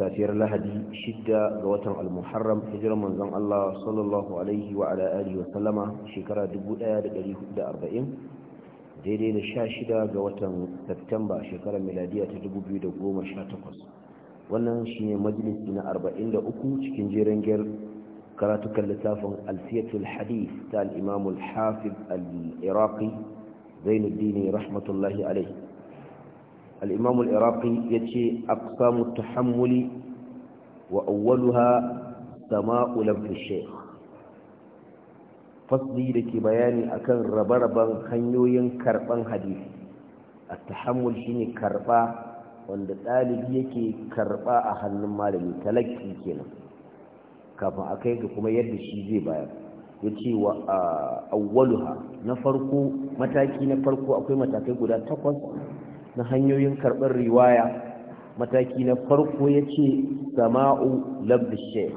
safiyar lahadi shidda ga watan al-muharram hijirar manzon Allah sallallahu alaihi wa ala alihi wa sallama shekara 1440 daidai da 16 ga watan Satumba shekarar miladiya ta 2018 wannan shine majalisi na 43 cikin jeren jerin gir karatukan littafin alfiyatul hadith ta al imamul al-hafiz al-iraqi zainuddin rahmatullahi alaihi الإمام ya ce أقسام التحمل وأولها سماء لمف الشيخ fasli da ke bayani akan rabe-raben hanyoyin karban hadisi a tahammul shine karɓa wanda ɗalibi yake karɓa a hannun malami talaki kenan kafin a kai ga kuma yadda shi zai bayar yace ce wa awwaluha na farko mataki na farko akwai matakai guda takwas na hanyoyin karɓar riwaya mataki na farko ya ce sama'u labdishe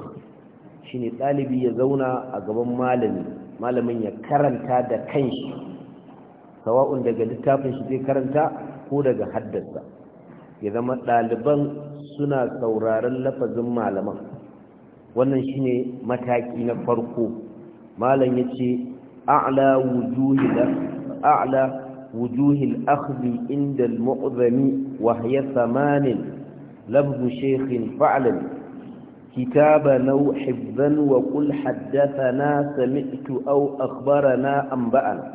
shi ne ɗalibi ya zauna a gaban malami malamin ya karanta da kanshi sawa'un daga littafin shi zai karanta ko daga haddasa ya zama ɗaliban suna sauraron lafazin malaman wannan shi ne mataki na farko malam ya ce a'la wujuhi da a'la وجوه الأخذ عند المؤذن وهي ثمان لفظ شيخ فعلا كتاب نو حفظا وقل حدثنا سمعت أو أخبرنا أنبأنا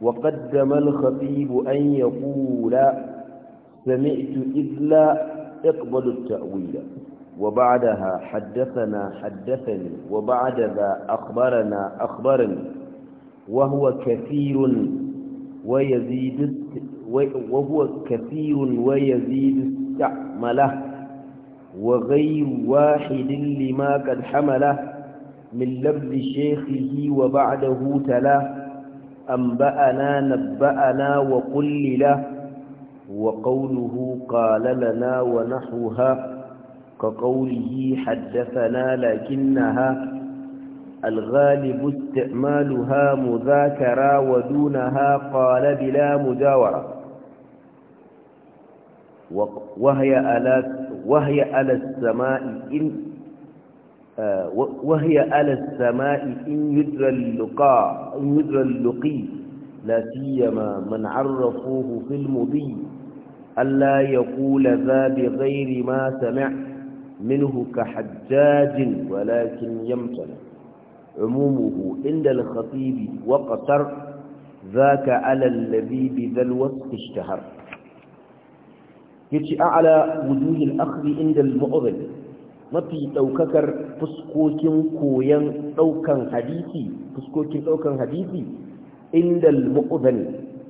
وقدم الخطيب أن يقول سمعت إذ لا اقبل التأويل وبعدها حدثنا حدثني وبعد ذا أخبرنا أخبرني وهو كثير ويزيد وهو كثير ويزيد استعمله وغير واحد لما قد حمله من لفظ شيخه وبعده تلا أنبأنا نبأنا وقل له وقوله قال لنا ونحوها كقوله حدثنا لكنها الغالب استعمالها مذاكرة ودونها قال بلا مجاورة وهي على وهي على السماء إن آه، وهي على السماء إن يدرى اللقاء إن يدرى اللقي لا سيما من عرفوه في المضي ألا يقول ذا بغير ما سمع منه كحجاج ولكن يمتنع عمومه عند الخطيب وقتر ذاك على الذي بذا الوصف اشتهر يتي أعلى وجوه الأخذ عند المؤذن mafi ɗaukakar fuskokin koyon ɗaukan hadisi fuskokin ɗaukan hadisi inda al-mu'udhan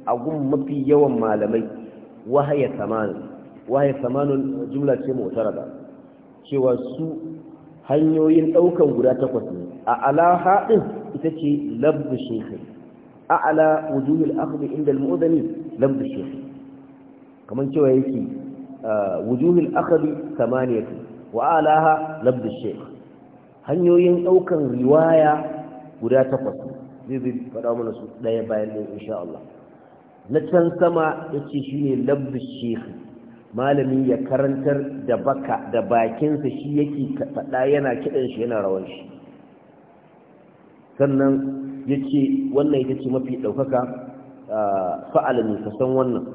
a gun mafi yawan malamai wahaya samanun wahaya samanun jumla ce wasu cewa su hanyoyin ɗaukan guda takwas ne a alaha ɗin ita ce labbu shekhi a ala wujuhul akhdhi inda al-mu'dani labbu shekhi kaman cewa yake wujuhul akhdhi samaniyatu wa alaha labbu shekhi hanyoyin ɗaukan riwaya guda takwas zai zai faɗa mana su ɗaya bayan ɗaya insha Allah na can sama ya ce shi ne labbu shekhi malami ya karantar da baka da bakinsa shi yake faɗa yana kiɗan shi yana rawar shi sannan yace wannan ita ce mafi ɗaukaka ah, ne ka san wannan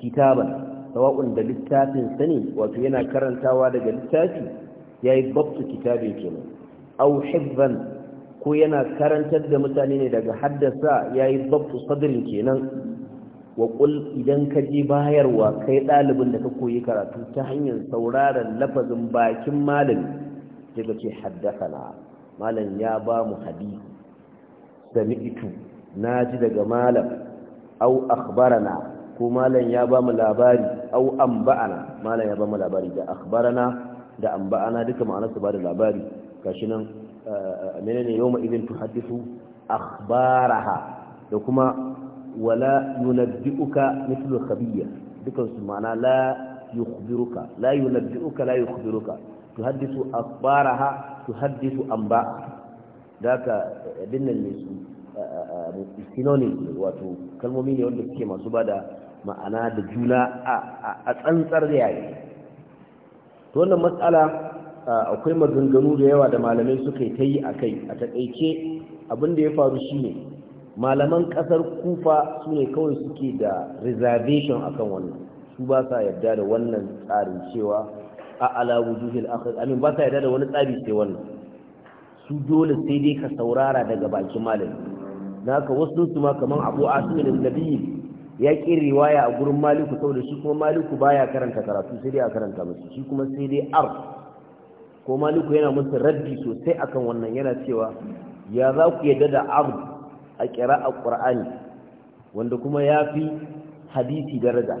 kitaban sawa'un da littafin sani wato yana karantawa daga littafi yayi babtu kitabin kenan au hibban ko yana karantar da mutane ne daga haddasa yayi babtu sadrin kenan wa qul idan ka je bayarwa kai ɗalibin da ka koyi karatu ta hanyar sauraron lafazin bakin malami sai ce haddasa na malam ya ba mu hadisi sami'tu na ji daga malam au akhbarana ko malam ya ba mu labari au amba'ana malam ya ba mu labari da akhbarana da amba'ana duka ma'anarsa ba da labari gashi nan eh, menene yawma idin tuhaddithu akhbaraha da kuma wala yunabbi'uka mithlu khabiyya dukan su ma'ana la yukhbiruka la yunabbi'uka la yukhbiruka tuhaddithu akhbaraha tuhaddithu amba'aha da haka abin ne su synonym wato kalmomi ne wanda suke masu ba da ma'ana da juna a tsantsar yayi to wannan matsala akwai maganganu da yawa da malamai suka yi ta yi a kai a taƙaice abinda ya faru shi ne. malaman ƙasar kufa su ne kawai suke da reservation a kan wannan su ba sa yarda da wannan tsarin cewa a ala wujuhil akwai amin ba sa yarda da wani tsari sai wannan su dole sai dai ka saurara daga bakin malami na ka wasu su ma kamar abu asim al ya ƙi riwaya a gurin maliku saboda shi kuma maliku baya karanta karatu sai dai a karanta musu shi kuma sai dai ar ko maliku yana musu raddi sosai akan wannan yana cewa ya za ku yadda da ar a a qur'ani wanda kuma ya fi hadisi daraja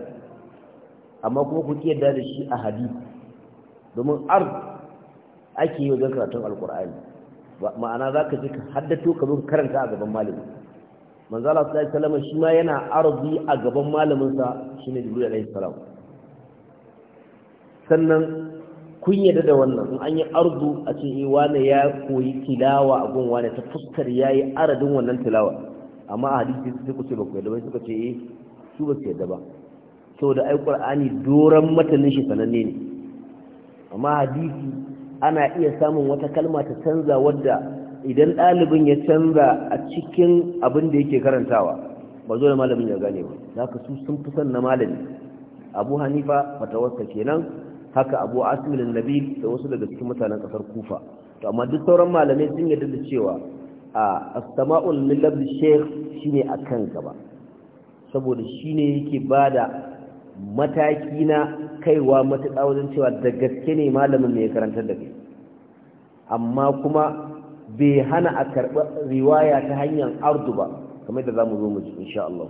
amma kuma ku yadda da shi a hadisi domin ar ake yi wajen karatun alkur'ani ma'ana za ka ji ka haddato ka zuwa karanta a gaban malamin manzo Allah sallallahu alaihi wasallam shi ma yana arzi a gaban malamin sa shine Jibril alaihi salam sannan kun yarda da wannan in an yi ardu a ce eh wani ya koyi tilawa a gun wani ta fuskar yayi aradin wannan tilawa amma a hadisi sai ku ce ba ku yarda ba suka ce eh su ba su yarda ba saboda ai Qur'ani doran matanin shi sananne ne amma hadisi ana iya samun wata kalma ta canza wadda idan ɗalibin ya canza a cikin abin da yake karantawa ba zo da malamin ya gane ba za ka su sun fi son na malami abu hanifa fatawarsa kenan haka abu asmilin nabi da wasu daga cikin mutanen ƙasar kufa to amma duk sauran malamai sun yarda da cewa a astama'ul shek labdi sheikh a akan gaba saboda shi shine yake bada mataki na kaiwa matuƙa wajen cewa da gaske ne malamin mai karantar da kai amma kuma bai hana a karɓi riwaya ta hanyar ardu ba kamar da za mu zo mu ji insha Allah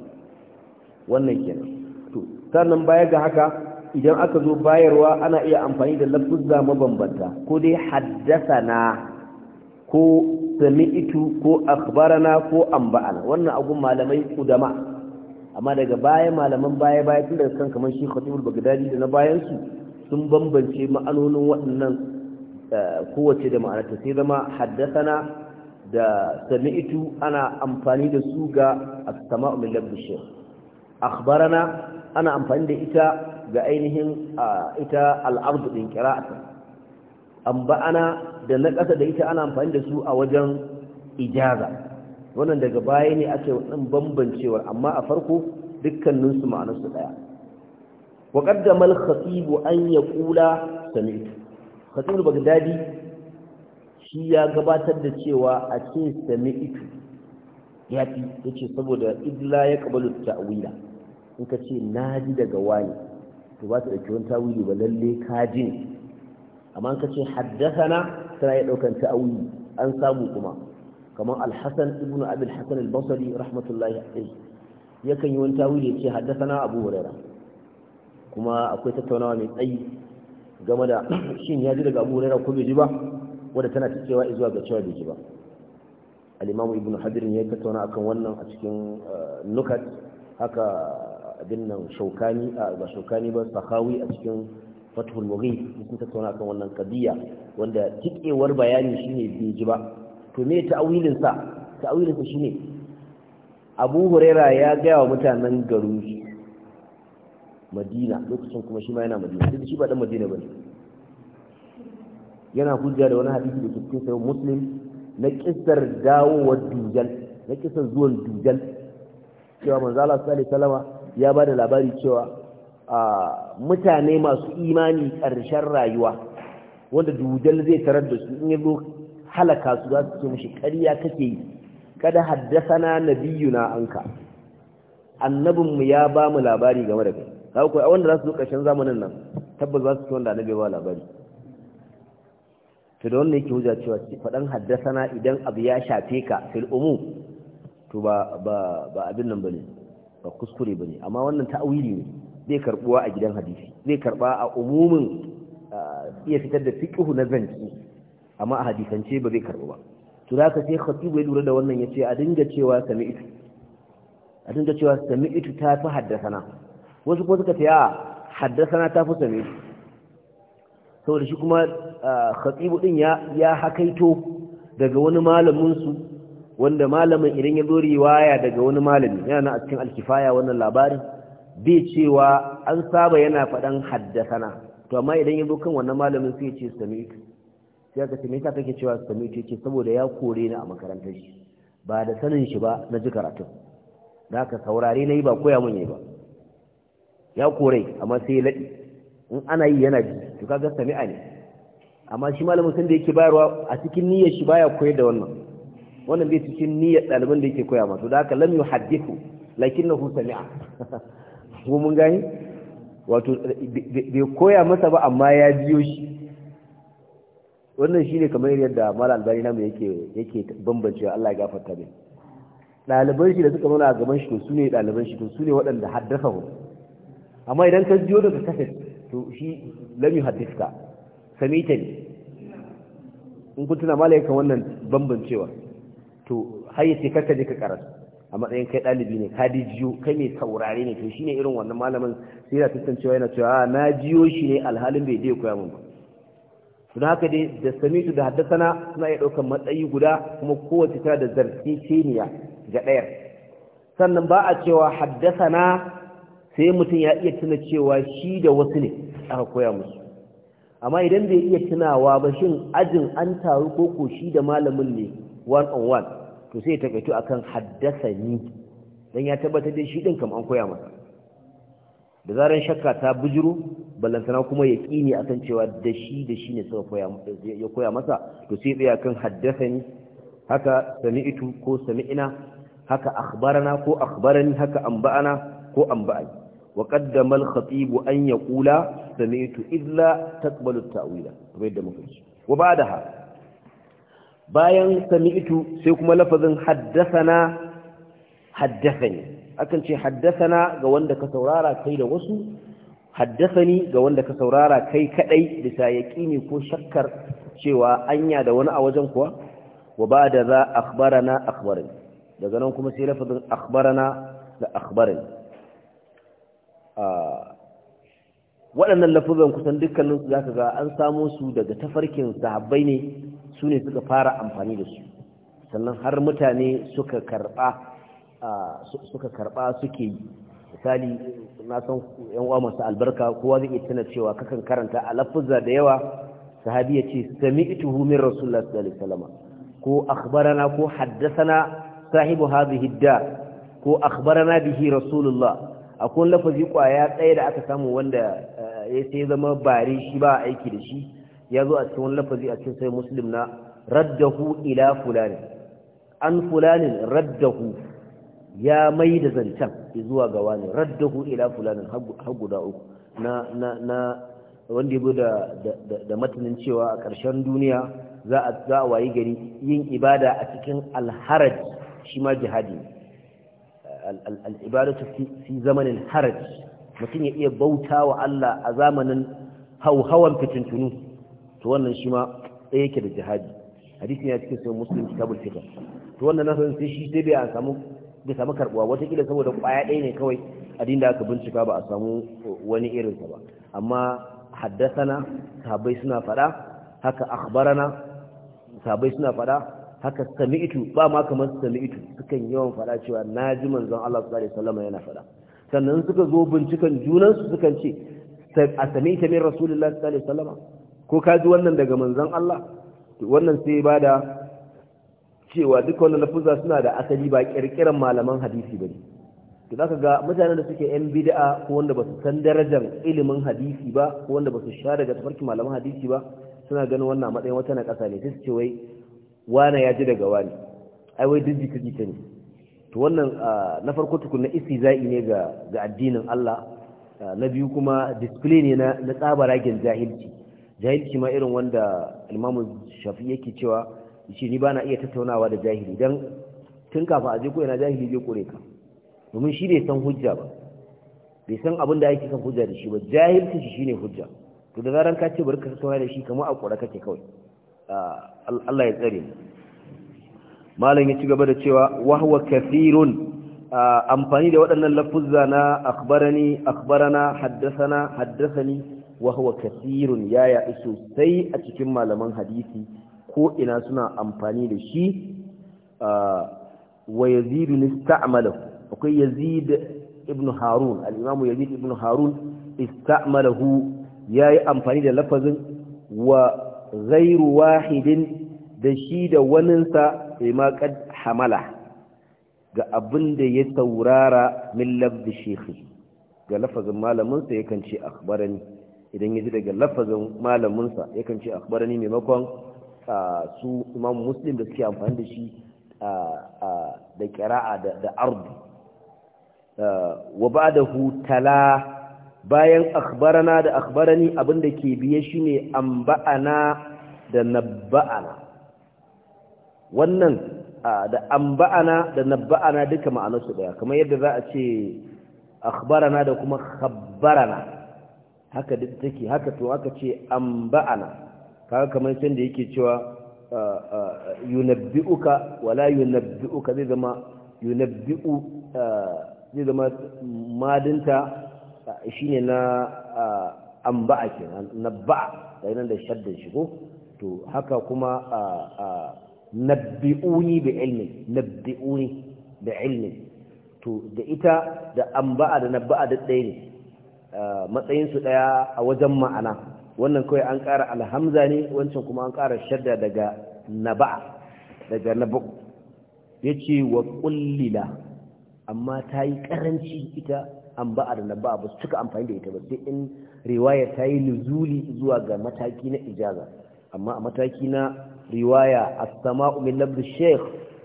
wannan kenan to sannan baya ga haka idan aka zo bayarwa ana iya amfani da lafuzza mabambanta ko dai haddathana ko sami'tu ko akhbarana ko amba'ana wannan agun malamai kudama amma daga baya malaman baya baya tun daga kan kamar shi khatibul bagdadi da na bayan su sun bambance ma'anonin waɗannan eh, kowace da ma'anarta sai zama haddasana da sami'tu ana amfani da su ga as-sama'u min akhbarana ana amfani da ita ga ainihin eh, ita al-ard din qira'ata amba'ana da na ƙasa da ita ana amfani da su a wajen ijaza wannan daga baya ne ake wannan bambancewa, amma a farko dukkaninsu ma'anarsu ɗaya wa qaddama al-khatib an yaqula sami'tu khatib al shi ya gabatar da cewa a ce sami'tu ya fi yace saboda idla ya qabalu ta'wila in ka ce naji daga wani to ba ta dauki wani tawili ba lalle ka ji amma in ka ce haddathana tana ya ɗaukan ta'wili an samu kuma kamar al-hasan ibnu abi al-hasan al-basri rahmatullahi alayhi yakan yi wani tawili yace haddathana abu hurairah kuma akwai tattaunawa mai tsayi game da shin ya ji daga abu hurairah ko bai ji ba wanda tana cewa zuwa ga cewa bai ji ba al-imamu ibnu hajar ya tattauna akan wannan a cikin uh, nukat haka abin nan shaukani ba shaukani a cikin fathul mughith sun tattauna akan wannan qadiya wanda tikewar bayani shine bai ji ba to me ta'awilin sa ta'awilin sa shine Abu Huraira ya gaya wa mutanen garin Madina lokacin kuma shi ma yana Madina duk shi ba dan Madina bane yana hujja da wani hadisi da cikin sahih Muslim na kisar dawowar dujal na kisar zuwan dujal cewa manzo Allah sallallahu alaihi wasallam ya bada labari cewa mutane masu imani karshen rayuwa wanda dujal zai tarar da su in halaka su za su ce mishi ƙarya kake yi kada haddasana na anka annabinmu ya ba mu labari game da kai kawo wanda za su zo ƙarshen zamanin nan tabbas za su ce wanda annabi ba labari to da wannan yake hujja cewa faɗan haddasana idan abu ya shafe ka fil umu to ba ba ba abin nan bane ba kuskure bane amma wannan ta'awili ne zai karbuwa a gidan hadisi zai karba a umumin iya fitar da fiqhu na zanci amma a hadisance ba zai karɓu ba to da ka sai khatib ya lura da wannan ya ce a dinga cewa sami'tu a dinga cewa sami'tu ta fi haddasana wasu ko suka ce haddasana ta fi sami'tu saboda shi kuma khatib din ya ya hakaito daga wani malamin su wanda malamin idan ya zo riwaya daga wani malami yana a cikin alkifaya wannan labarin bai cewa an saba yana faɗan haddasana to amma idan ya zo kan wannan malamin sai ya ce sami'tu sai aka ce me yasa kake cewa sami ce ce saboda ya kore ni a makarantar shi ba da sanin shi ba na ji karatu da aka saurare na yi ba koya mun yi ba ya kore amma sai ya laɗi in ana yi yana ji to kaga sami'a ne amma shi malamin sun da yake bayarwa a cikin niyyar shi baya koyar da wannan wannan bai cikin niyyar ɗaliban da yake koya ma to da aka lam yuhaddithu lakinnahu sami'a ko mun gani wato bai koya masa ba amma ya biyo shi wannan shine kamar yadda mala albani namu yake yake bambancewa Allah ya gafarta mai ɗaliban shi da suka zauna a gaban shi to su ne ɗaliban shi to su ne waɗanda haddasa hu amma idan ka jiyo daga kaset to shi lami yu sami samita ne in kun tuna mala yakan wannan bambancewa to hayyace karka je ka karasa a matsayin kai ɗalibi ne ka di jiyo kai mai saurare ne to shine irin wannan malamin sai da tantancewa yana cewa ah, na jiyo shi ne alhalin bai je koya mun ba Suna haka dai da samitu da haddasana suna iya ɗaukar matsayi guda kuma kowace tana da zarfi ga ɗayar sannan ba a cewa haddasana sai mutum ya iya tuna cewa shi da wasu ne aka koya musu amma idan bai iya tunawa ba shin ajin an taru ko ko shi da malamin ne one on one to sai ya takaitu akan haddasa ni dan ya tabbatar da shi din kam an koya masa da zarar shakka ta bujuru ballantana kuma ya ƙini a san cewa da shi da shi ne ya koya masa to sai tsaya kan haddasani haka sami'itu ko sami'ina haka akhbarana ko akhbarani haka amba'ana ko amba'ani wa qaddama al-khatib an yaqula sami'tu illa taqbalu at-ta'wila kamar da muka ci wa ba'daha bayan sami'tu sai kuma lafazin haddasana haddasani akan ce haddasana ga wanda ka saurara kai da wasu haddasani ga wanda ka saurara kai kadai bisa ne ko shakkar cewa anya da wani a wajen kuwa wa ba da za akhbarana akhbarin daga nan kuma sai lafazin akhbarana da akhbarin waɗannan lafazin kusan dukkanin su zaka ga an samo su daga tafarkin sahabbai ne su ne suka fara amfani da su sannan har mutane suka karɓa suke yi misali na san yan uwa masu albarka kowa zai iya tana cewa kakan karanta a lafuzza da yawa sahabi ya ce sami'tuhu min rasulullah sallallahu alaihi wasallam ko akhbarana ko haddathana sahibu hadhihi hidda ko akhbarana bihi rasulullah akwai lafazi kwaya tsaye da aka samu wanda eh, ya sai zama bari shi ba aiki da shi ya zo a cikin wani lafazi a cikin sai muslim na raddahu ila fulani an fulanin raddahu ya mai da zancen zuwa ga wani radda, raddahu ila fulanin har guda uku na wanda ya da da matanin cewa a ƙarshen duniya za a wayi gari yin ibada a cikin alharaj shi ma jihadi al-ibadatu fi zamanin haraj mutum ya iya bauta wa Allah a zamanin hauhawan fitin tunu, to wannan shi ma ɗaya yake da jihadi hadisi ne cikin sai muslim kitabul fiqh to wannan nasarar sai shi sai bai a samu bai samu karbuwa watakila saboda kwaya ɗaya ne kawai a da aka bincika ba a samu wani irinsa ba amma haddasana sabai suna faɗa haka akhbarana sabai suna faɗa haka sami'tu ba ma kamar sami'tu sukan yawan faɗa cewa na ji manzon Allah sallallahu alaihi wasallam yana faɗa sannan suka zo bincikan junansu sukan ce a sami'ta min rasulullahi sallallahu alaihi wasallam ko ka ji wannan daga manzon Allah wannan sai bada cewa duk wannan lafuzza suna da asali ba kirkiran malaman hadisi ba ne to zaka ga mutanen da suke yan bid'a ko wanda ba su san darajar ilimin hadisi ba ko wanda ba su sha daga tafarkin malaman hadisi ba suna ganin wannan matsayin wata na kasa ne sai ce wai wani ya ji daga wani ai wai duk jita jita ne to wannan na farko tukun na istizai ne ga ga addinin Allah na biyu kuma display ne na na tsabaragen jahilci jahilci ma irin wanda Imam Shafi yake cewa shi ni ba na iya tattaunawa da jahili don tun kafa a ko yana jahili zai kore ka domin shi bai san hujja ba bai san abin da ake kan hujja da shi ba jahilci shi shine hujja to da zaran ka ce bari ka tattauna da shi kamar a ƙura kake kawai Allah ya tsare mu malam ya ci gaba da cewa huwa kathirun amfani da waɗannan lafuzza na akhbarani akhbarana haddasana haddasani wahwa kathirun ya yaɗu sosai a cikin malaman hadisi ko ina suna amfani da shi wa yazidu nista'malu akwai yazid ibn harun al-imamu yazid ibn harun ista'malahu yayi amfani da lafazin wa ghairu wahidin da shi da waninsa ma kad hamala ga abinda ya taurara min lafzi shekhi ga lafazin sa yakan ce akhbarani idan yaji daga lafazin sa yakan ce akhbarani maimakon su imam muslim da suke amfani da shi da kira'a da ardu wa da hutala bayan akbarana da akbarani abinda ke biye shi an amba'ana da ba'ana wannan da amba'ana da ba'ana duka ma'anarsu daya kamar yadda za a ce akbarana da kuma khabbarana haka duk take haka to aka ce amba'ana kaga kamar can da yake cewa yunabbi'uka wala yunabbi'uka zai zama yunabbi'u zai zama madinta shine na amba'a kenan nabba'a da nan da shaddan shigo to haka kuma nabbi'uni bi ilmi nabbi'uni bi ilmi to da ita da amba'a da nabba'a da ɗaya ne matsayinsu ɗaya a wajen ma'ana wannan kawai an ƙara alhamza ne wancan kuma an ƙara shadda daga naba'a daga naba'u ya ce wa ƙullila amma ta yi ƙaranci ita an ba'a da naba'a ba su cika amfani da ita ba sai in riwaya ta yi nuzuli zuwa ga mataki na ijaza amma a mataki na riwaya a sama min labd sheikh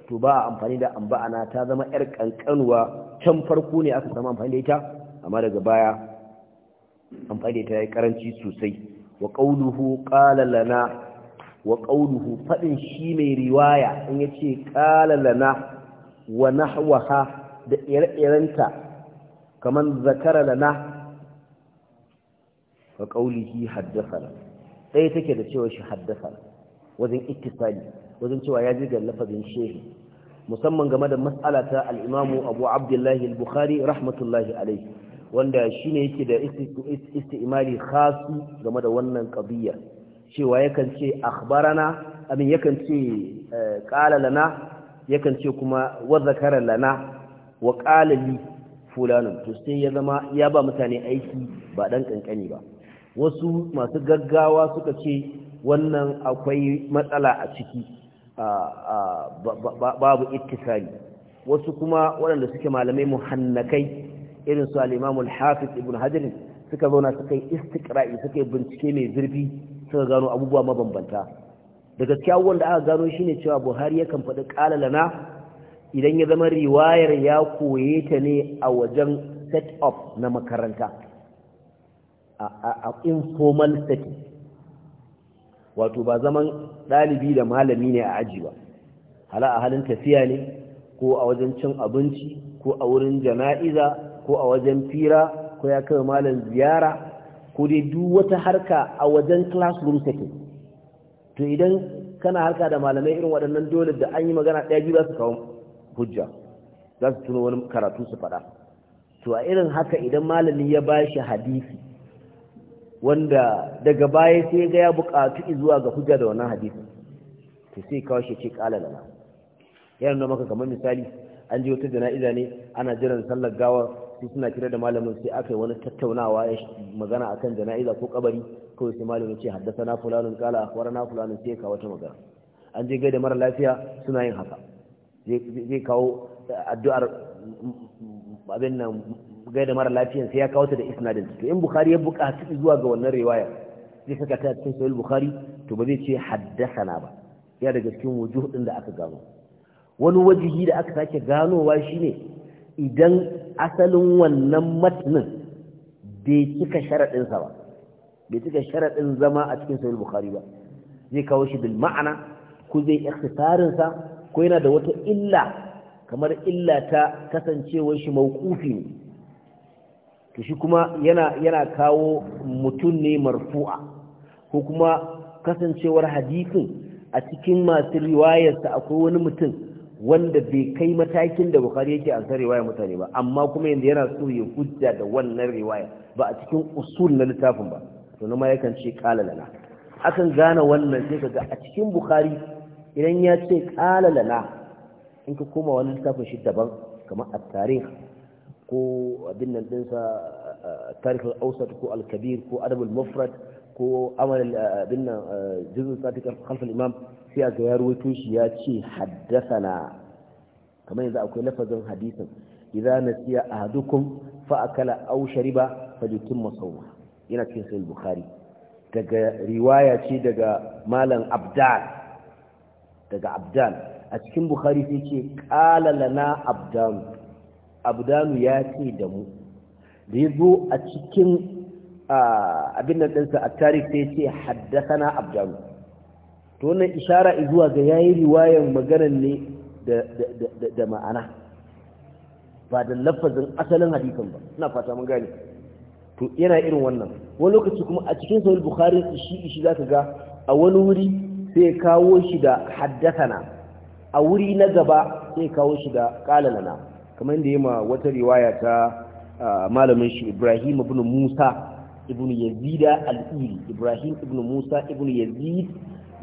to ba amfani da an na ta zama yar kankanuwa can farko ne aka sama amfani da ita amma daga baya amfani da ita yi karanci sosai wa qawluhu lana wa fadin shi mai riwaya in yace qala lana wa nahwaha da ire-irenta kaman zakara lana wa qawlihi haddathana sai take da cewa shi haddathana wajen ittisali wajen cewa ya ji ga lafazin shehi musamman game da mas'alata al-imamu Abu abdullahi al-Bukhari rahmatullahi alaihi wanda shi ne yake da istimali khasu game da wannan qadiyya cewa yakan ce akhbarana amin yakan ce eh, qala lana yakan ce kuma wa zakara lana wa qala li to sai ya zama ya ba mutane aiki ba dan ƙanƙani ba wasu masu gaggawa suka ce wannan akwai matsala a ciki babu ittisali wasu kuma waɗanda suke malamai muhannakai irin su Alimamu imam hafiz Ibn hajjari suka zauna suka yi istikra'i suka yi bincike mai zurfi suka gano abubuwa mabambanta Daga kyawun da aka gano shi ne cewa Buhari yakan faɗi qala na. idan ya zama riwayar ya koye ta ne a wajen set up na makaranta a informal setting wato ba zaman ɗalibi da malami ne a aji ba hala a halin tafiya ne ko a wajen cin abinci ko a wurin jana'iza ko a wajen fira ko ya kai malam ziyara ko dai duk wata harka a wajen classroom take to idan kana harka da malamai irin waɗannan dole da an yi magana ɗaya biyu za su kawo hujja za su tuno wani karatu su faɗa to a irin haka idan malami ya ba shi hadisi wanda daga baya sai ga ya buƙatu zuwa ga hujja da wannan hadisi to sai kawo shi ce ƙala lana yana nuna maka kamar misali an ji wata jana'iza ne ana jiran sallar gawar sai suna kira da malamin sai aka yi wani tattaunawa ya magana akan jana'iza ko kabari ko sai malamin ce haddasa na fulanin kala akwara na fulanin sai kawo ta magana an je gaida mara lafiya suna yin haka zai kawo addu'ar abin nan gaida mara lafiyan sai ya kawo ta da isnadin to in bukhari ya buƙaci zuwa ga wannan riwaya zai saka ta cikin sahih bukhari to ba zai ce haddasa na ba ya daga cikin wujuh din da aka gano wani wajihi da aka sake ganowa shine idan asalin wannan matnin bai cika sharaɗinsa ba bai cika sharaɗin zama a cikin sahih bukhari ba zai kawo shi bil ma'ana ko zai ikhtisarin sa ko yana da wata illa kamar illa ta kasancewar shi mawqufi ne to shi kuma yana yana kawo mutun ne marfu'a ko kuma kasancewar hadisin a cikin masu riwayarsa akwai wani mutum wanda bai kai matakin da bukari yake ansar riwaya mutane ba amma kuma yanzu yana so ya hujja da wannan riwaya ba a cikin usul na littafin ba to na ma yakan ce kala lana akan gane wannan sai ga a cikin bukari idan ya ce kala lana in ka koma wani littafin shi daban kamar a tarih ko abin nan dinsa tarih al ko al-kabir ko adab mufrad ko amal eh, abin nan eh, juzun khalfal imam sai ga ya ruwaito shi ya ce kamar yanzu akwai lafazin hadisin idza nasiya ahadukum fa akala aw shariba falyutimma sawma yana cikin sahih bukhari daga riwaya ce daga malam abdal daga abdal a cikin bukhari sai ce qala lana abdal abdalu ya ce da mu da yazo a cikin abin nan ɗansa a tarih sai ce haddasana abdalu to wannan ishara zuwa ga yayi riwayan maganar ne da ma'ana ba da lafazin asalin hadisin ba ina fata mun gane to yana irin wannan wani lokaci kuma a cikin sahih bukhari shi shi zaka ga a wani wuri sai kawo shi da haddathana a wuri na gaba sai kawo shi da qalalana kamar da yima wata riwaya ta malamin shi Ibrahim ibn Musa ibn yazida al-iri ibrahim ibn musa ibn yazid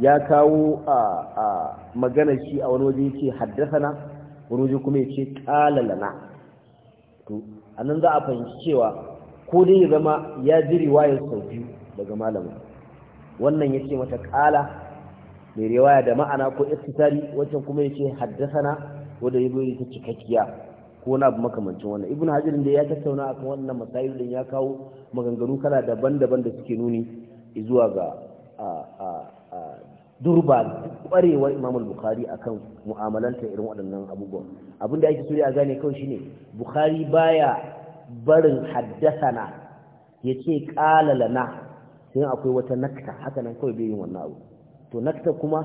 ya kawo a magana shi a wani waje yace haddathana wani waje kuma yake qala to anan za a fahimci cewa ko dai ya zama ya ji riwayar sau biyu daga malamin wannan yace mata qala mai riwaya da ma'ana ko istitari wancan kuma yace haddathana wanda yazo ta cikakkiya ko na abu makamancin wannan ibn hajar da ya tattauna akan wannan masail ya kawo maganganu kala daban-daban da suke nuni zuwa ga durba kwarewar imam bukhari akan mu'amalanta irin waɗannan abubuwan abinda ake so a gane kawai shine bukhari baya barin haddasa haddasana yace qala na sai akwai wata nakta haka nan kawai bai yin wannan abu to nakta kuma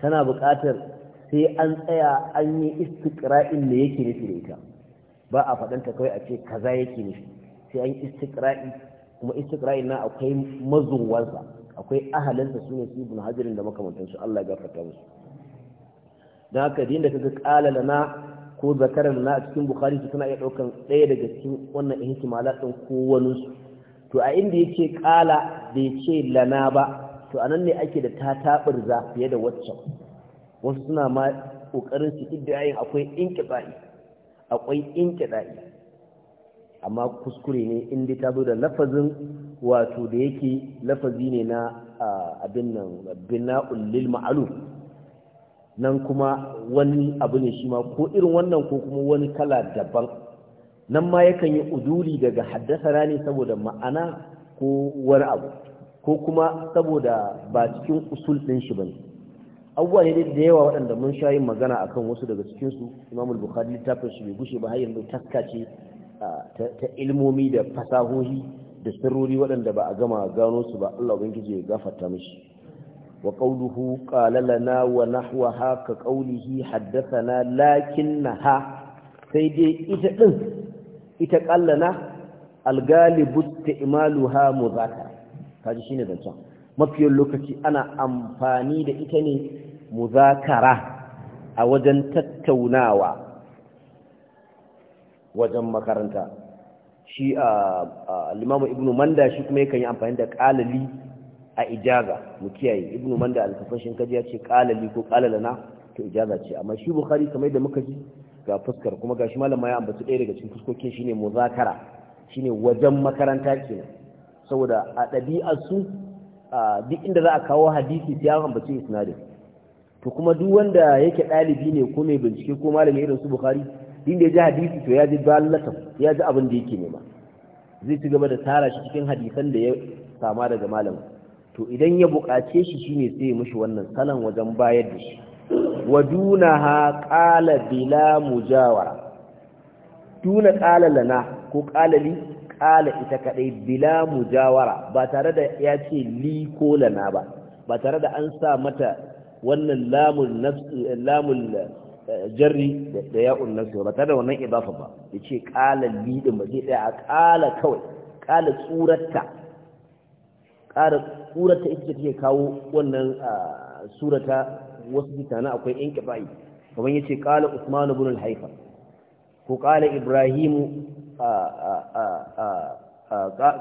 tana buƙatar sai an tsaya an yi istiqra'in da yake nufi da ita ba a faɗanta kawai a ce kaza yake nufi sai an istiqra'i kuma istiqra'in na akwai mazuwansa akwai ahalinsa su ne su ibn da makamantansu Allah ya gafarta musu don haka din da kaga qala lana ko zakarar na a cikin bukhari su suna iya ɗaukan ɗaya daga cikin wannan ihtimala ɗin ko wani to a inda yake qala bai ce lana ba to anan ne ake da ta taɓurza fiye da waccan wasu suna ma ƙoƙarin su iddayin akwai inkiɗa'i akwai inkiɗa'i amma kuskure ne inda ta zo da lafazin wato da yake lafazi ne na abin nan lil nan kuma wani abu ne shi ma ko irin wannan ko kuma wani kala daban nan ma yakan yi uduli daga haddasa ne saboda ma'ana ko wani abu ko kuma saboda ba cikin usul ɗin shi bane abubuwa ne da yawa waɗanda mun sha yin magana a kan wasu daga cikinsu imamul bukhari littafin su bai gushe ba har yanzu taska ce ta ilmomi da fasahohi da sirrori waɗanda ba a gama gano su ba Allah ubangiji ya gafarta mishi wa qawluhu qala lana wa haddasa ka qawlihi haddathana ha sai dai ita din ita al algalibu ta imaluha muzakara kaji shine zancen mafiyar lokaci ana amfani da ita ne muzakara a wajen tattaunawa wajen makaranta shi a limamu ibnu manda shi kuma yakan yi amfani da kalali a ijaza mu kiyaye ibnu manda alkafashin kaji ya ce kalali ko kalalana to ijaza ce amma shi bukari kamar da muka ji ga fuskar kuma ga shi malama ya ambaci ɗaya daga cikin fuskokin ne muzakara ne wajen makaranta kenan saboda a ɗabi'arsu su duk inda za a kawo hadisi sai an ambaci isnadin to kuma duk wanda yake dalibi ne ko mai bincike ko malami irin su bukhari din da ya ji hadisi to ya ji ballatan ya ji abin da yake nema zai ci gaba da tara shi cikin hadisan da ya sama daga malam to idan ya buƙace shi shine sai ya mishi wannan salan wajen bayar da shi wa dunaha qala bila mujawara duna qala lana ko qala li kala ita kadai bila mujawara ba tare da ya ce li ko lana ba ba tare da an sa mata wannan lamun lamun eh, jarri da ya'un nasu ba tare da wannan idafa ba ya ce ƙala li din ba sai a ƙala kawai Ƙala tsuratta kala tsuratta ita take kawo wannan surata wasu bitana akwai yan kifayi kamar yace kala usman ibn al-haifa ko ƙala ibrahimu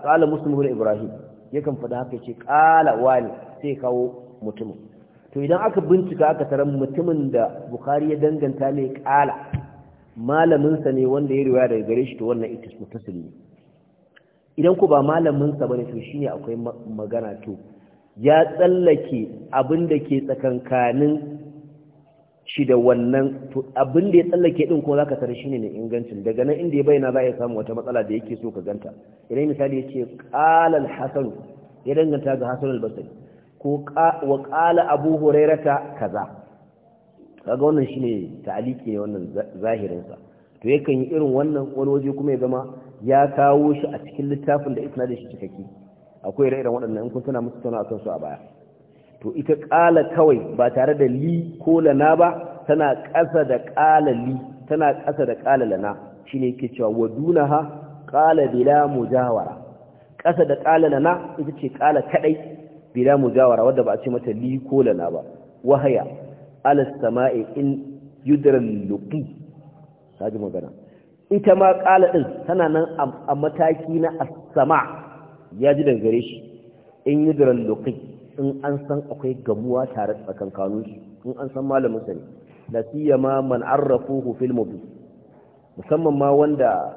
ƙala musulmi ibrahim yakan faɗi haka ya ce ƙala wani sai kawo mutumin to idan aka bincika aka tarar mutumin da Bukhari ya danganta ne ƙala malaminsa ne wanda ya riwaya daga gare shi to wannan itis mutasili idan ku ba malaminsa ba ne to shi ne akwai magana to ya tsallake abin da ke tsakankanin shi da wannan abin da ya tsallake din kuma zaka tare shi ne mai ingancin daga nan inda ya bayyana za a samu wata matsala da yake so ka ganta idan misali ya ce al-hasan ya danganta ga hasan al ko wa ƙala abu hurairata kaza kaga wannan shi ne ta'aliki ne wannan zahirinsa. to yakan yi irin wannan wani waje kuma ya zama ya kawo shi a cikin littafin da isnadin shi cikakke akwai ire-iren waɗannan in kun tana musu tana su a baya to ita ƙala kawai ba tare da li ko lana ba tana ƙasa da ƙala li tana ƙasa da ƙala lana shine ke cewa wa dunaha ƙala bila mujawara ƙasa da ƙala lana ita ce ƙala kaɗai bila mujawara wadda ba a ce mata li ko lana ba wahaya alas sama'i in yudran luqi saji magana ita ma ƙala ɗin tana nan a mataki na as-sama ya ji daga gare shi in yudran luqi in an san akwai gabuwa tare tsakankanin shi in an san malamin sa ne la siyama man arrafuhu fil mubi musamman ma wanda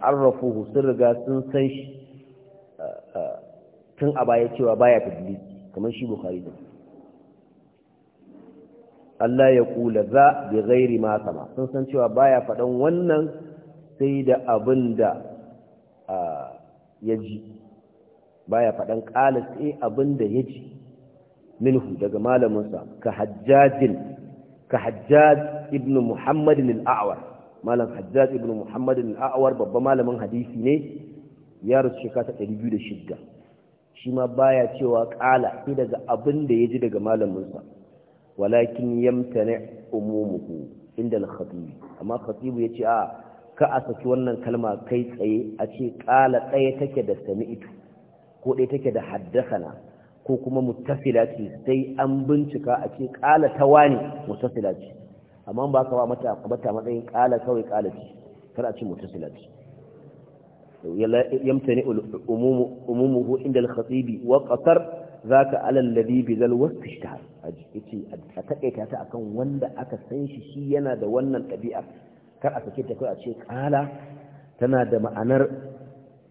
arrafuhu sun riga sun san shi tun a baya cewa baya tadlis kamar shi bukhari da Allah ya kula za bi ghairi ma sama sun san cewa baya faɗan wannan sai da abin da ya ji baya faɗan kala sai abin da ya ji minhu daga malaminsa ka hajjajin ka hajjaj ibn muhammadin al'awar malam hajjaj ibn muhammadin al'awar babban malamin hadisi ne ya rasu shekara ta 206 shi ma baya cewa ƙala sai daga abin da ya ji daga malaminsa walakin ne umumuhu inda al-khatibi amma khatibu ce a ka a saki wannan kalma kai tsaye a ce ƙala tsaye take da sami'tu ko ɗaya take da haddasana ko kuma muttasila ce sai an bincika a ce ƙala ta wani muttasila ce amma ba ka ba mata mata matsayin ƙala kawai ƙala ce kar a ce muttasila ce yamtani ko inda al-khatibi wa za zaka ala alladhi wasu zal wasf ishtahar yace a taƙaita ta akan wanda aka san shi shi yana da wannan ɗabi'a kar a sake ta kai a ce ƙala tana da ma'anar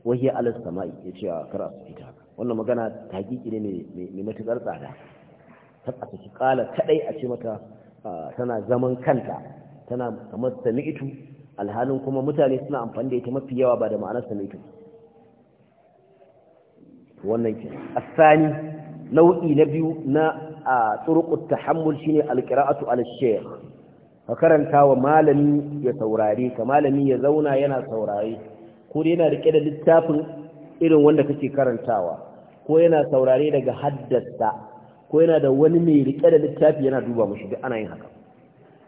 wahiya alas sama'i ya ce a kar a su fita wannan magana ta hakiki ne mai matuƙar tsada ta a saki ƙala kaɗai a ce mata tana zaman kanta tana kamar sami'itu alhalin kuma mutane suna amfani da ita mafi yawa ba da ma'anar sami'itu wannan ke asani nau'i na biyu na a turuqut tahammul shine alqira'atu ala shaykh ka karanta wa malami ya saurare ka malami ya zauna yana saurare ko dai yana rike da littafin irin wanda kake karantawa ko yana saurare daga haddasa ko yana da wani mai rike da littafi yana duba mushi duk ana yin haka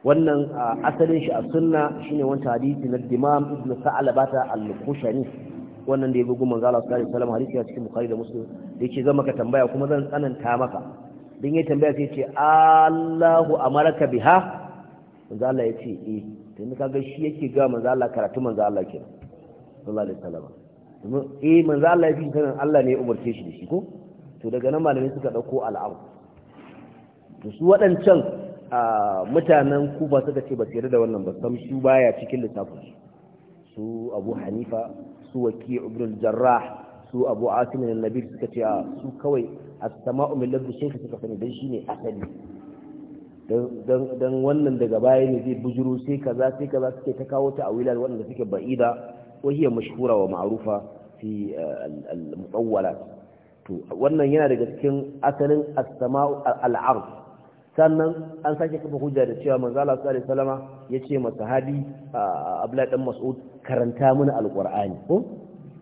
wannan asalin shi a sunna shine wancan hadisi na Imam Ibn ta al-Kushani wannan da ya bugu manzo Allah sallallahu alaihi wasallam hadisi a cikin Bukhari da Muslim da yake zan ka tambaya kuma zan tsananta maka din yayin tambaya sai ce Allahu amaraka biha manzo Allah ya ce eh to ni kaga shi yake ga manzo Allah karatu manzo Allah kenan sallallahu alaihi wasallam domin eh manzo Allah ya fi sanin Allah ne ya umarce shi da shi ko to daga nan malamai suka dauko al'am to su waɗancan mutanen Kuba suka ce ba su yarda da wannan ba sam su baya cikin lissafin su Abu Hanifa su Waki ibn al-Jarrah su Abu Asim al-Nabi suka ce su kawai as-sama'u min lafzi shaykh suka sani dan shine asali don wannan daga baya ne zai bujuro sai kaza sai kaza suke ta kawo ta a wilal suke ba'ida wahiyar mashhura wa maarufa fi eh, al-mutawwalat wannan yana daga cikin asalin as sannan an sake kafa hujja da cewa manzo Allah sallallahu alaihi wasallama yace ma sahabi eh, Abdullah dan Mas'ud karanta mana al ko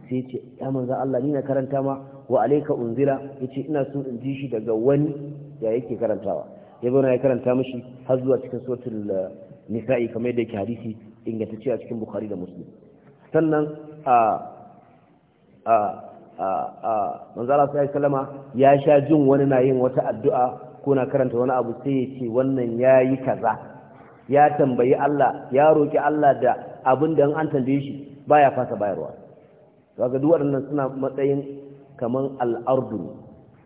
sai yace ya manzo Allah ni na karanta ma wa alayka unzila ce ina so in ji shi daga wani ya yake karantawa ya zauna ya karanta mishi har zuwa cikin suratul eh, nisa'i kamar yadda yake hadisi ingantacce a cikin bukhari da muslim sannan a a a a manzala sai ya sha jin wani na yin wata addu'a ko na karanta wani abu sai ya ce wannan yayi kaza ya tambayi Allah ya roki Allah da abin da an tambaye shi baya fasa bayarwa kaga duk waɗannan suna matsayin kaman al-ardu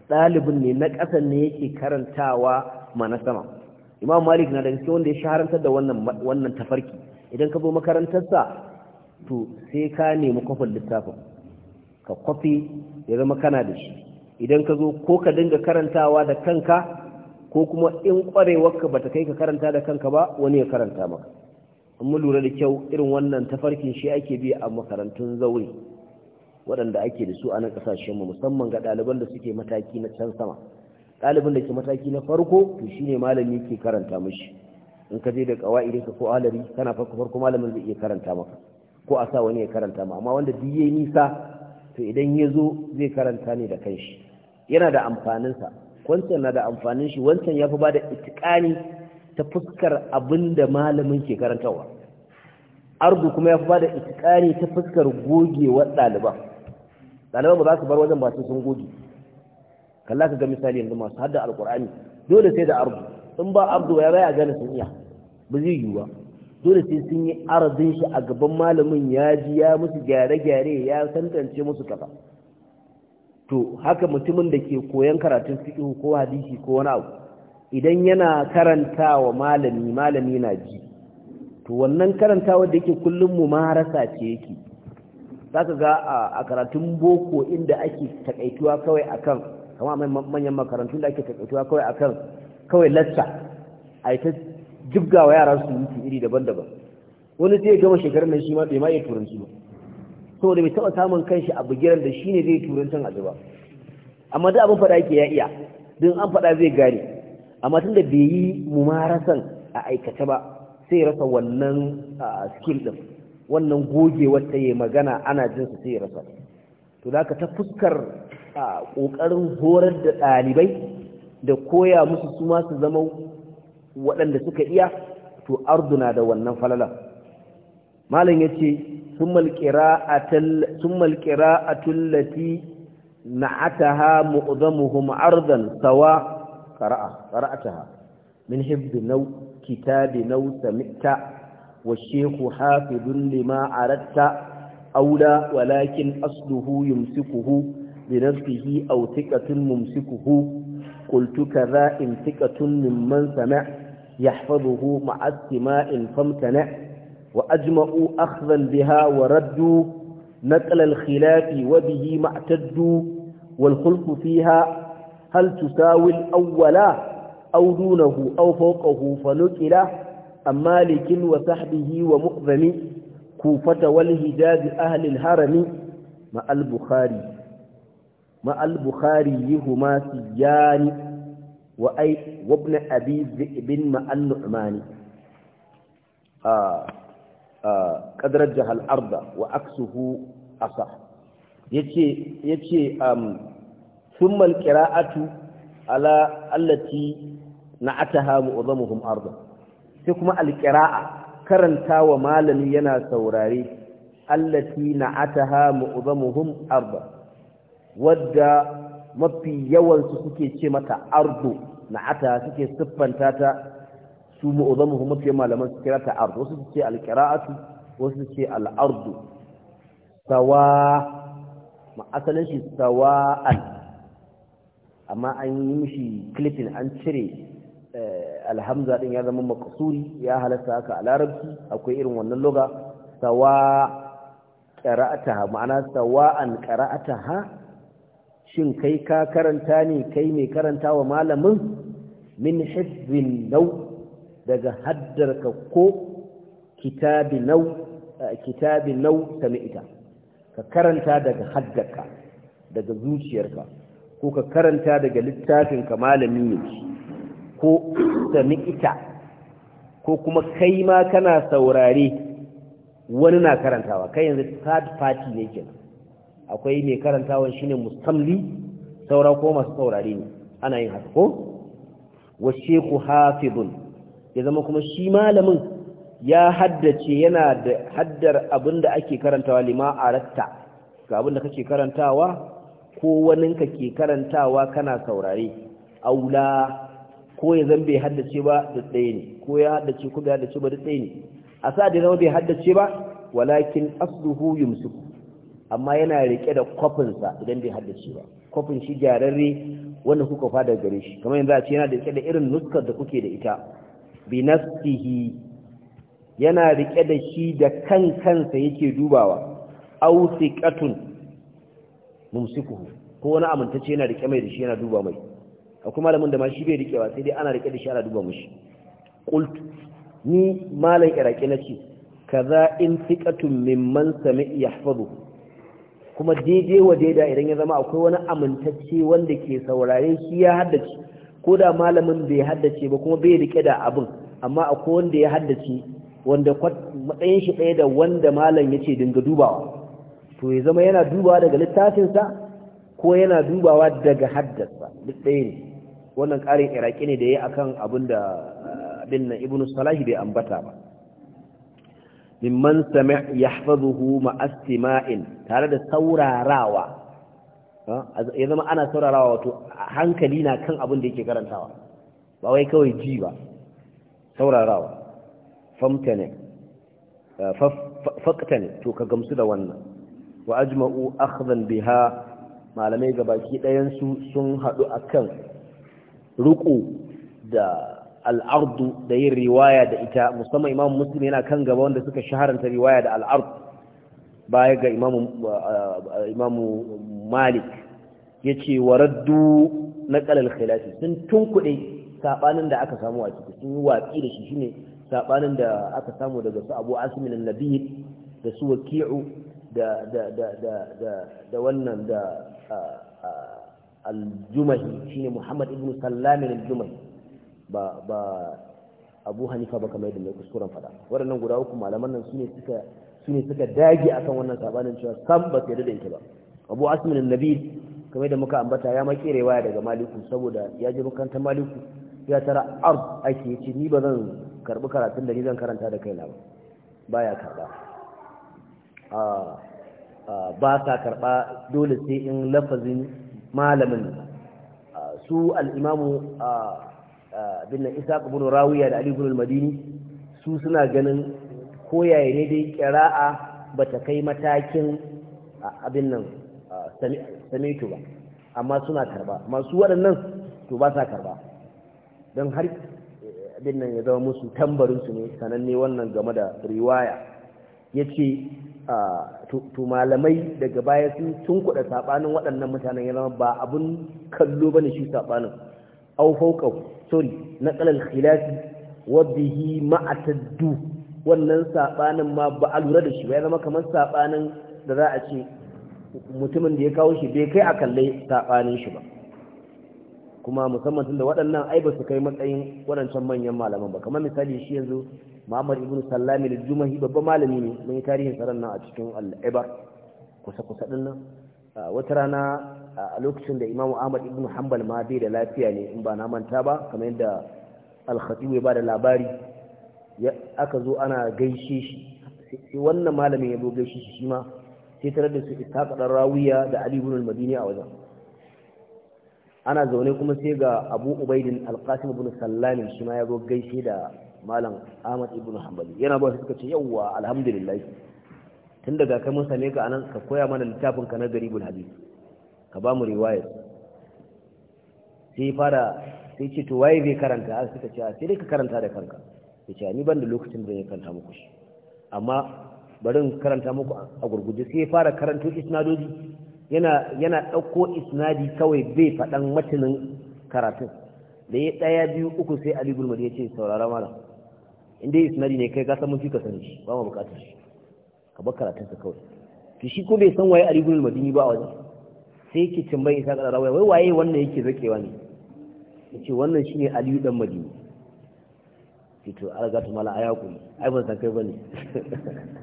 ɗalibin ne na ƙasan ne yake karantawa ma sama imam malik na da gaske wanda ya shaharantar da wannan wannan tafarki idan ka zo sa. to sai ka nemi kwafin littafin ka kwafi ya zama kana da shi idan ka zo ko ka dinga karantawa da kanka ko kuma in kwarewarka bata kai ka karanta da kanka ba wani ya karanta maka in mu lura da kyau irin wannan tafarkin shi ake bi a makarantun zaure waɗanda ake da su a nan mu, musamman ga ɗaliban da suke mataki na can sama ɗalibin da ke mataki na farko to shine malami ke karanta mishi in ka je da ƙawa'irinka ko alari kana farko farko malamin zai iya karanta maka ko a sa wani ya karanta ma amma wanda duk yayi nisa to idan ya zo zai karanta ne da kanshi yana da amfanin sa wancan na da amfanin shi wancan ya fi ba da itikani ta fuskar abinda malamin ke karantawa ardu kuma ya fi ba da itikani ta fuskar gogewar ɗaliban ɗaliban ba za su bar wajen ba sun goge kalla ka ga misali yanzu masu hada alkur'ani dole sai da ardu in ba ardu ya baya gane sun iya ba zai yiwu ba dole sai sun yi arzin shi a gaban malamin ya ji ya musu gyare-gyare ya tantance musu kafa to haka mutumin da ke koyan karatun fiqh ko hadisi ko wani abu idan yana karanta wa malami malami na ji to wannan karantawa da yake kullum mu marasa ce yake zaka ga a karatun boko inda ake takaituwa kawai akan kama manyan makarantun da ake takaituwa kawai akan kawai lassa? a ta jibgawa yara su yi iri daban-daban wani zai gama shekarun nan shi ma bai ma iya turanci ba saboda bai taɓa samun kanshi a bugiran da shi ne zai turancin azuba ba. amma da abin faɗa yake ya iya don an faɗa zai gane amma tun da bai yi mumarasan a aikace ba sai rasa wannan skill ɗin wannan gogewar ta yi magana ana jin su sai rasa to da ka ta fuskar ƙoƙarin horar da ɗalibai da koya musu su ma su zama waɗanda suka iya to arduna da wannan falala malam yace ce sun malƙira a tullati na ata ha mu'udhamuhum ardan sawa ƙara'a ƙara'ata ha min hibbi nau kitabi nau samita wa shehu hafidun lima aratta aula walakin asluhu yumsikuhu binarfihi autikatun mumsikuhu kultu kaza intikatun mimman sami'a يحفظه مع استماء فامتنع وأجمعوا أخذا بها وردوا نقل الخلاف وبه ما اعتدوا والخلق فيها هل تساوي الأول أو دونه أو فوقه فنقل أم مالك وسحبه ومؤذن كوفة والهجاز أهل الهرم مع البخاري مع البخاري هما سيان wa ai wabna abi bin ma'an nu'mani ƙadarar jihar arda wa aksuhu asa ya ce sun malƙira'atu ala allati na ataha mu'azamuhum arda sai kuma alƙira'a karanta wa malami yana saurare allati na ataha arda wadda mafi yawansu suke ce mata ardo ata suke siffanta ta su kuma mafi malaman su kira ta ardo wasu su ce alqira'atu wasu su ce al'ardu sawa ma asalin shi sawa'an amma an yi mishi clipping an cire eh, alhamza din ya zama makasuri ya halatta haka a larabci akwai irin wannan loga sawa qara'ataha ma'ana sawa'an qara'ataha shin kai ka karanta ne kai mai karanta wa malamin min hizbin nau daga haddarka ko kitabi nau kitabi sami'ita ka karanta daga haddarka daga zuciyarka ko ka karanta daga littafinka malami ne ko sami'ita ko kuma kai ma kana saurare wani na karantawa kai yanzu third party ne kenan akwai mai karantawan shine mustamli saura ko masu saurari ne ana yin haka ko wa sheku hafizun ya zama kuma shi malamin ya haddace yana da haddar da ake karantawa lima aratta ga da kake karantawa ko waninka ke karantawa kana saurare aula ko ya zan bai haddace ba da tsaye ne ko ya haddace ko bai haddace ba da tsaye ne a sa da zama bai haddace ba walakin asluhu yumsuku amma yana rike da sa idan bai haddace ba kwafin shi gyararre wanda kuka fada gare shi kamar yanzu a ce yana da rike da irin nuskar da kuke da ita bi nafsihi yana rike da shi da kan kansa yake dubawa aw siqatun mumsikuhu ko wani amintacce yana rike mai da shi yana duba mai akwai malamin da ma shi bai ba sai dai ana rike da shi ana duba mishi qultu ni malam iraki nace kaza in siqatun mimman sami yahfazuhu kuma daidai wa daida idan ya zama akwai wani amintacce wanda ke saurare shi ya haddace ko da malamin bai haddace ba kuma bai rike da abin amma akwai wanda ya haddace wanda matsayin shi ɗaya da wanda malam ya ce dinga dubawa to ya zama yana dubawa daga littafinsa ko yana dubawa daga haddasa duk ɗaya ne wannan ƙarin iraki ne da ya akan abin da abin ibnu salahi bai ambata ba mimman sami yahfazuhu ma'astima'in tare da saurarawa ya zama ana saurarawa wato hankali na kan abin da yake karantawa ba wai kawai ji ba saurarawa famtane faktane to ka gamsu da wannan wa ajma'u akhdhan biha malamai gabaki ɗayansu sun haɗu akan ruku da al'ardu da yin riwaya da ita musamman imam muslim yana kan gaba wanda suka shaharanta riwaya da al'ard baya ga imamu malik ya ce wa raddu na ƙalal khilafi sun tunkuɗe saɓanin da aka samu a cikin sun yi watsi da shi shine saɓanin da aka samu daga su abu asimin annabi da su waki'u da wannan da aljumahi shine muhammad ibn sallamin aljumahi ba abu hanifa ba kamar yadda mai kuskuren fada waɗannan guda uku malaman nan su suka suka dage a kan wannan sabanin cewa sam ba su yarda da ba abu asmin nabi kamar yadda muka ambata ya maki rewaya daga maliku saboda ya ji makarantar maliku ya tara ard ake ci ni ba zan karbi karatun da ni zan karanta da kaina ba baya karba ba sa karba dole sai in lafazin malamin su alimamu abin nan isa ibn rawiya da ali ibn madini su suna ganin koyaye ne dai ba ta kai matakin abin nan samitu ba amma suna karba masu waɗannan to ba sa karba don har abin nan ya zama musu tambarin su ne sananne wannan game da riwaya yace to malamai daga baya sun kuɗa saɓanin waɗannan mutanen ya zama ba abun kallo bane shi saɓanin au fauqahu sorry naqal al-khilafi wa bihi ma'ataddu wannan saɓanin ma ba a lura da shi ba ya zama kamar saɓanin da za a ce mutumin da ya kawo shi bai kai a kalle sabanin shi ba kuma musamman da waɗannan ai ba su kai matsayin waɗancan manyan malaman ba kamar misali shi yanzu Muhammad ibn Sallami da jumahi babban malami ne mun yi tarihin saran nan a cikin al kusa kusa din nan ah, wata rana a lokacin da imamu ahmad ibn hanbal ma bai da lafiya ne in ba na manta ba kamar yadda alhatibu ya ba da labari aka zo ana gaishe shi sai wannan malamin ya zo gaishe shi shi ma sai tare da su ishaqa dan rawiya da ali ibn al-madini a wajen ana zaune kuma sai ga abu ubaidin alqasim ibn sallam shi ma ya zo gaishe da malam ahmad ibn hanbali yana ba suka ce yawwa alhamdulillah tun daga kai mun same ka anan ka koya mana littafin ka na garibul hadith ka ba mu riwayar sai fara sai ce to waye bai karanta har suka ce sai dai ka karanta da kanka ya ce ni ban da lokacin da ya karanta muku shi amma barin karanta muku a gurguje sai fara karanto isnadodi yana yana ɗauko isnadi kawai bai faɗan matanin karatun da ya ɗaya biyu uku sai ali gulmar ya ce saurara mara inda isnadi ne kai gasa mun fi shi ba ma bukatar shi ka bar karatunsa kawai to shi ko bai san waye ali gulmar ba a wajen sai yake tambayi isa ƙarar rawaya wai waye wannan yake zakewa ne ya ce wannan shine aliyu dan madini fito an ga ta mala ayakuri ai ban san kai bane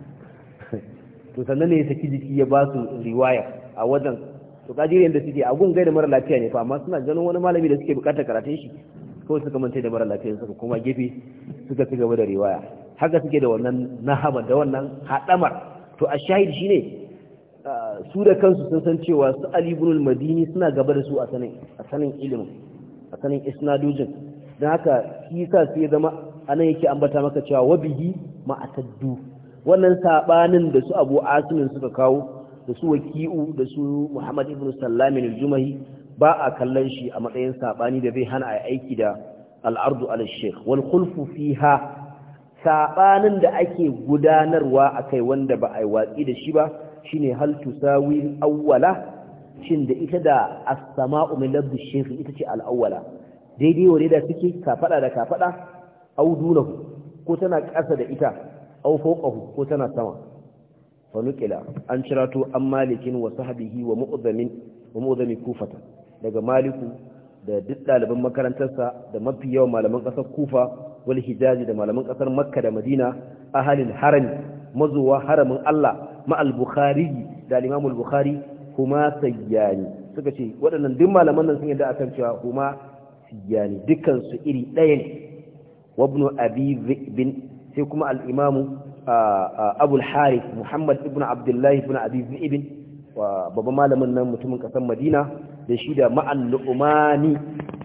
to sannan ne ya saki jiki ya ba su riwaya a wajen to kajiriyar da suke a gun gaida mara lafiya ne fa amma suna ganin wani malami da suke bukatar karatun shi kawai suka manta da mara lafiyar suka kuma gefe suka ci gaba da riwaya haka suke da wannan nahaba da wannan haɗamar to a shahid shine su da kansu sun san cewa su Ali ibn al-Madini suna gaba da su a sanin a sanin a sanin isnadojin dan haka shi sa sai zama anan yake ambata maka cewa wabihi ma'ataddu wannan sabanin da su Abu Asim suka kawo da su Waki'u da su Muhammad ibn Sallam al-Jumahi ba a kallon shi a matsayin sabani da zai hana a aiki da al-ardu ala shaykh wal khulfu fiha sabanin da ake gudanarwa akai wanda ba a yi watsi da shi ba shine hal tusawi awwala shin da ita da as-sama'u min labdi ita ce al-awwala daidai ware da suke ka da ka fada au dunahu ko tana ƙasa da ita au fawqahu ko tana sama fa nuqila an to an malikin wa sahbihi wa mu'zamin kufata daga maliku da duk ɗaliban makarantarsa da mafi yawan malaman ƙasar kufa wal hijazi da malaman ƙasar makka da madina ahalin harami mazuwa haramin allah ma'al bukhari da limamul bukhari kuma sayyani suka ce waɗannan duk malaman nan sun a kan cewa kuma sayyani dukkan su iri ɗaya ne wabnu abi bin sai kuma al-imamu abul harith muhammad ibn abdullahi ibn abi bin babban malamin nan mutumin ƙasar madina da shi da ma'al lu'umani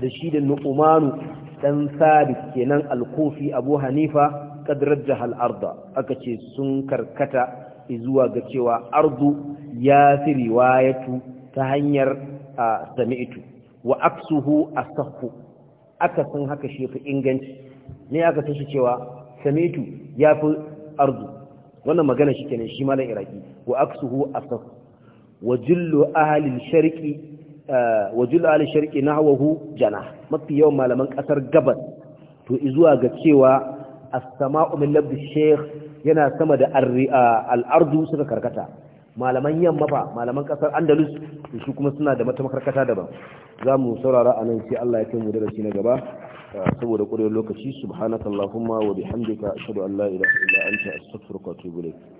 da shi da nu'umanu dan sabit kenan al-kufi abu hanifa qad al-arda aka ce sun karkata izuwa ga cewa ardu ya fi riwayatu ta hanyar sami'itu wa aksuhu aka sun haka shi fi inganci ne aka shi cewa sami'itu ya fi ardu wannan magana shi kenan shi malar iraki wa aksuhu asahhu wa jullu ahli al-sharqi wa jullu ahli al mafi yawan malaman kasar gabas to izuwa ga cewa asama samau labdi shek. yana sama da al'ardu suka karkata malaman yamma ba malaman kasar andalus su kuma suna da mata makarkata daban za mu saurara a nan sai Allah ya kai mu darasi na gaba saboda ƙwarewar lokaci subhanakallahumma wa bihamdika ashhadu an la ilaha illa anta astaghfiruka wa atubu ilayk